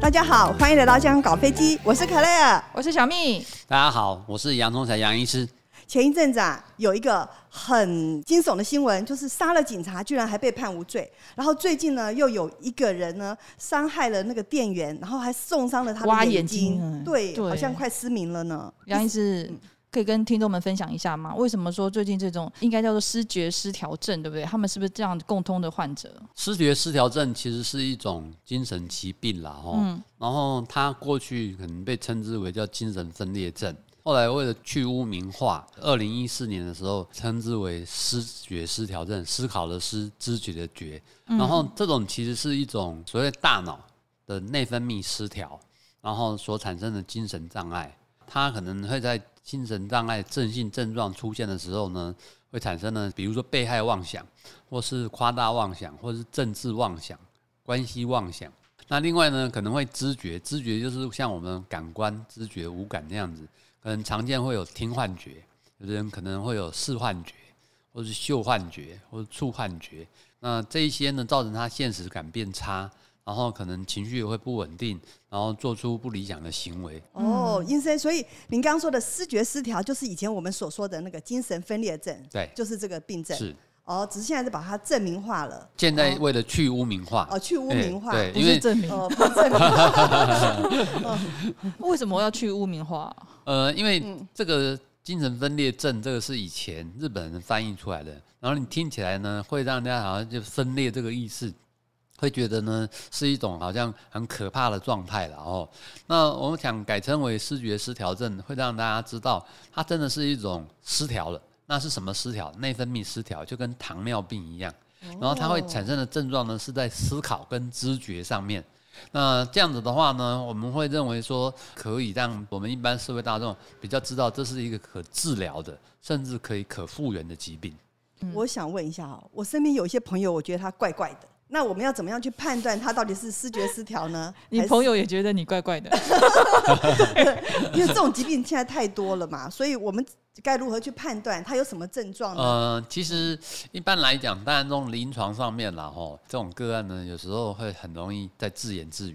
大家好，歡迎來到《健康搞飛機》，我是 Clare 我是小蜜。大家好，我是楊聰財，楊醫師。前一陣子、啊、有一個很驚悚的新聞，就是殺了警察，居然還被判無罪。然後最近呢，又有一個人呢傷害了那個店員，然後還送傷了他的眼睛，眼睛對，對好像快失明了呢。楊醫師。可以跟聽眾們分享一下嗎？為什麼說最近這種應該叫做思覺失調症，對不對？他們是不是這樣共通的患者？思覺失調症其實是一種精神疾病啦。嗯。然後他過去可能被稱之為叫精神分裂症，後來為了去污名化，二零一四年的時候稱之為思覺失調症，思考的思，知覺的覺。嗯。然後這種其實是一種所謂大腦的內分泌失調，然後所產生的精神障礙。他可能會在精神障礙正性症狀出現的時候呢，會產生呢，比如說被害妄想，或是誇大妄想，或是政治妄想、關係妄想。那另外呢，可能會知覺，知覺就是像我們感官知覺、五感那樣子，可能常見會有聽幻覺，有的人可能會有視幻覺，或是嗅幻覺，或是觸幻覺。那這一些呢，造成他現實感變差。然後可能情緒也會不穩定，然後做出不理想的行為。嗯、哦，因生，所以您剛剛說的思覺失調，就是以前我們所說的那個精神分裂症，對，就是這個病症。是，哦，只是現在是把它正名化了。現在為了去污名化。哦,哦，去污名化，欸、對不是正名。為什麼要去污名化？呃，因為這個精神分裂症，這個是以前日本人翻譯出來的，然後你聽起來呢，會讓人家好像就分裂這個意思。會覺得呢，是一種好像很可怕的狀態了哦。那我們想改稱為思覺失調症，會讓大家知道它真的是一種失調了。那是什麼失調？內分泌失調，就跟糖尿病一樣。然後它會產生的症狀呢，是在思考跟知覺上面。那這樣子的話呢，我們會認為說可以讓我們一般社會大眾比較知道，這是一個可治療的，甚至可以可復原的疾病。我想問一下，我身邊有一些朋友，我覺得他怪怪的。那我們要怎麼樣去判斷他到底是思覺失調呢？ 你朋友也覺得你怪怪的， 因為這種疾病現在太多了嘛，所以我們該如何去判斷他有什麼症狀呢？呃，其實一般來講，當然這種臨床上面啦，吼，這種個案呢，有時候會很容易在自言自語。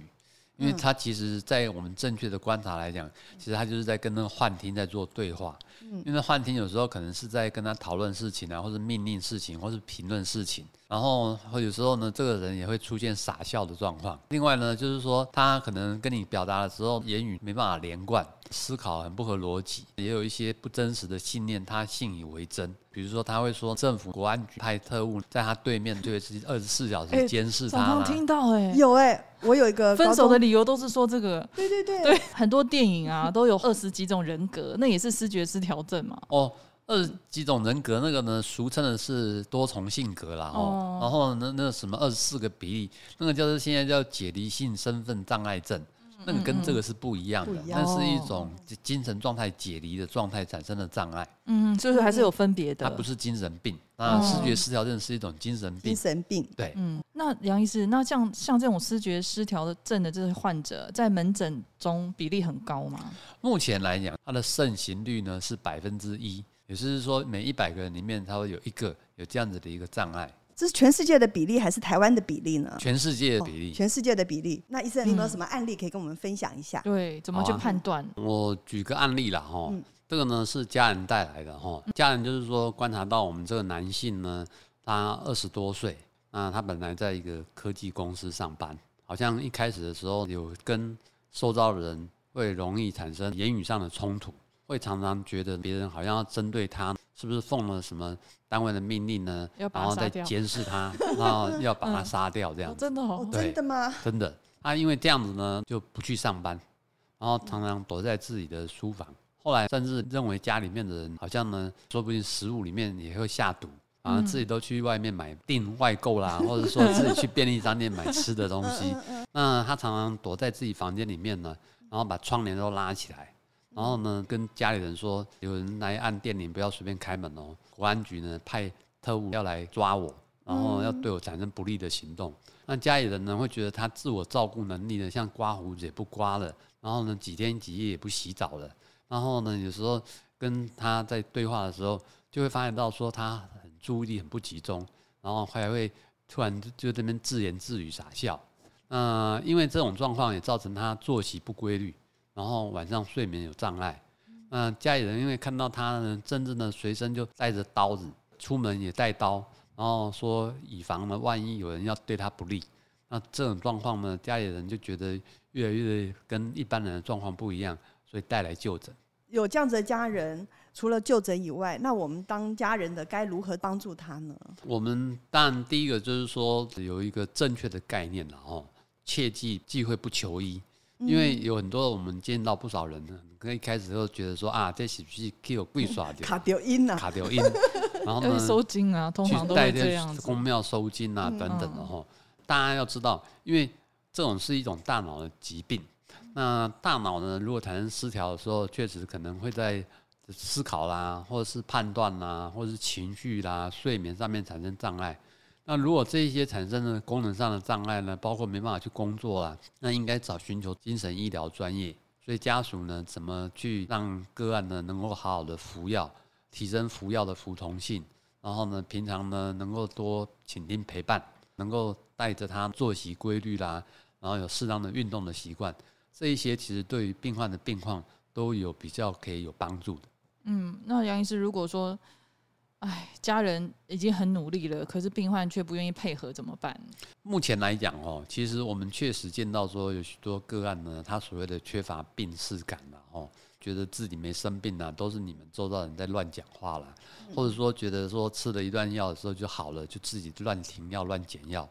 因為他其實，在我們正確的觀察來講，其實他就是在跟那個幻聽在做對話。因為幻聽有時候可能是在跟他討論事情啊，或者命令事情，或者評論事情。然後，有時候呢，這個人也會出現傻笑的狀況。另外呢，就是說他可能跟你表達的時候，言語沒辦法連貫。思考很不合邏輯，也有一些不真實的信念，他信以為真。比如說，他會說政府國安局派特務在他對面，就是二十四小時監視他。欸、聽到哎、欸，有哎、欸，我有一個分手的理由都是說這個。對對對,對，很多電影啊都有二十幾種人格，那也是思覺失調症嘛。哦，二十幾種人格那個呢，俗稱的是多重性格啦。哦，哦然後那那什麼二十四個比例，那個叫做現在叫解離性身份障礙症。那個跟這個是不一樣的，那、嗯嗯、是一種精神狀態解離的狀態產生的障礙。嗯，就是還是有分別的，它不是精神病。那思覺失調症是一種精神病。精神病。對，嗯。那楊醫師，那像像這種思覺失調的症的這些患者，在門診中比例很高嗎？目前來講，它的盛行率呢是百分之一，也就是說每一百個人裡面，他會有一個有這樣子的一個障礙。這是全世界的比例還是台灣的比例呢？全世界的比例、哦，全世界的比例。那醫生你有沒有什麼案例可以跟我們分享一下？對，怎麼去判斷、啊？我舉個案例啦。哈、哦，嗯、這個呢是家人帶來的哈、哦，家人就是說觀察到我們這個男性呢，他二十多歲，那他本來在一個科技公司上班，好像一開始的時候有跟周遭的人會容易產生言語上的衝突。會常常覺得別人好像要針對他，是不是奉了什麼單位的命令呢？要然後再監視他， 然後要把他殺掉這樣，嗯哦。真的哦，哦對哦，真的嗎？真的，他，啊，因為這樣子呢，就不去上班，然後常常躲在自己的書房。後來甚至認為家裡面的人好像呢，說不定食物裡面也會下毒啊，然後自己都去外面買訂外購啦，嗯，或者說自己去便利商店買吃的東西。 嗯嗯嗯，那他常常躲在自己房間裡面呢，然後把窗簾都拉起來。然後呢，跟家裡人說，有人來按電鈴，不要隨便開門哦。國安局呢派特務要來抓我，然後要對我產生不利的行動。嗯、那家裡人呢會覺得他自我照顧能力呢，像刮鬍子也不刮了，然後呢幾天幾夜也不洗澡了，然後呢有時候跟他在對話的時候，就會發現到說他很注意力很不集中，然後還會突然就在那邊自言自語傻笑。那、呃、因為這種狀況也造成他作息不規律。然後晚上睡眠有障礙，那家裡人因為看到他呢，真正呢隨身就帶着刀子，出門也帶刀，然後說以防呢萬一有人要對他不利，那這種狀況呢，家裡人就覺得越來越來越跟一般人的狀況不一樣，所以帶來就診。有這樣子的家人，除了就診以外，那我們當家人的該如何幫助他呢？我們當然第一個就是說有一個正確的概念了哦，切記忌諱不求醫。因為有很多我們見到不少人呢，可能一開始就覺得說啊，這是，不是去 K 有被耍掉卡到陰吶，卡到陰，然後呢去帶這宮廟收驚啊，通宮廟收驚啊等等的哈。大家要知道，因為這種是一種大腦的疾病。嗯啊、那大腦呢，如果產生失調的時候，確實可能會在思考啦，或者是判斷吶，或者是情緒啦、睡眠上面產生障礙。那如果這一些產生的功能上的障礙呢，包括沒辦法去工作啊，那應該找尋求精神醫療專業。所以家屬呢，怎麼去讓個案呢能夠好好的服藥，提升服藥的服從性，然後呢，平常呢能夠多傾聽陪伴，能夠帶着他作息規律啦、啊，然後有適當的運動的習慣，這一些其實對於病患的病況都有比較可以有幫助的。嗯，那楊醫師如果說。唉，家人已經很努力了，可是病患卻不願意配合，怎麼辦？目前來講哦，其實我們確實見到說有許多個案呢，他所謂的缺乏病識感了哦，覺得自己沒生病啊，都是你們周遭人在亂講話了，或者說覺得說吃了一段藥之後就好了，就自己亂停藥、亂減藥。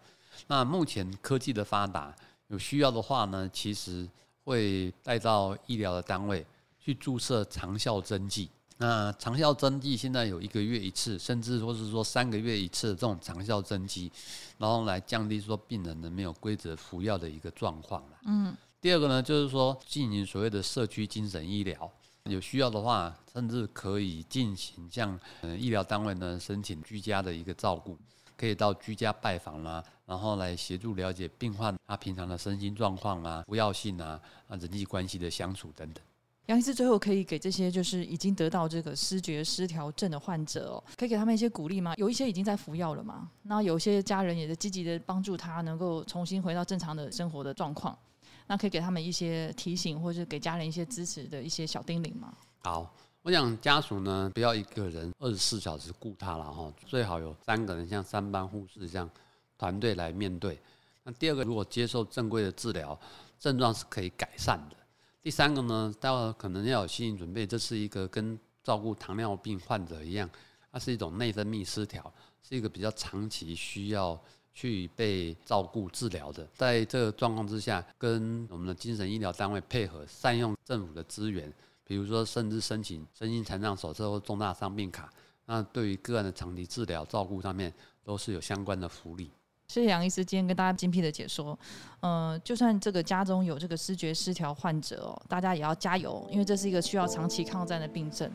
那目前科技的發達，有需要的話呢，其實會帶到醫療的單位去注射長效針劑。那長效針劑現在有一個月一次，甚至說是說三個月一次的這種長效針劑，然後來降低說病人呢沒有規則服藥的一個狀況啦。嗯，第二個呢就是說進行所謂的社區精神醫療，有需要的話，甚至可以進行向呃醫療單位呢申請居家的一個照顧，可以到居家拜訪啦、啊，然後來協助了解病患他、啊、平常的身心狀況啊、服藥性啊、啊人際關係的相處等等。楊醫師最後可以給這些就是已經得到這個思覺失調症的患者哦，可以給他們一些鼓勵嗎？有一些已經在服藥了嘛，那有些家人也在積極的幫助他，能夠重新回到正常的生活的狀況。那可以給他們一些提醒，或者是給家人一些支持的一些小叮嚀嗎？好，我想家屬呢，不要一個人二十四小時顧他了哈、哦，最好有三個人，像三班護士這樣團隊來面對。那第二個，如果接受正規的治療，症狀是可以改善的。第三個呢，大家可能要有心理準備，這是一個跟照顧糖尿病患者一樣，它是一種內分泌失調，是一個比較長期需要去被照顧治療的。在這個狀況之下，跟我們的精神醫療單位配合，善用政府的資源，比如說甚至申請身心殘障手冊或重大傷病卡，那對於個案的長期治療照顧上面，都是有相關的福利。謝謝楊醫師今天跟大家精闢的解說，嗯、呃，就算這個家中有這個思覺失調患者哦，大家也要加油，因為這是一個需要長期抗戰的病症。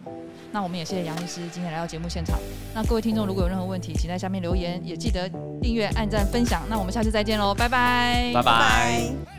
那我們也謝謝楊醫師今天來到節目現場。那各位聽眾如果有任何問題，請在下面留言，也記得訂閱、按讚、分享。那我們下次再見嘍，拜拜，拜拜 bye。Bye bye